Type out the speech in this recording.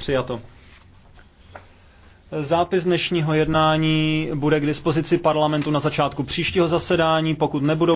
Přijato. Zápis dnešního jednání bude k dispozici parlamentu na začátku příštího zasedání, pokud nebudou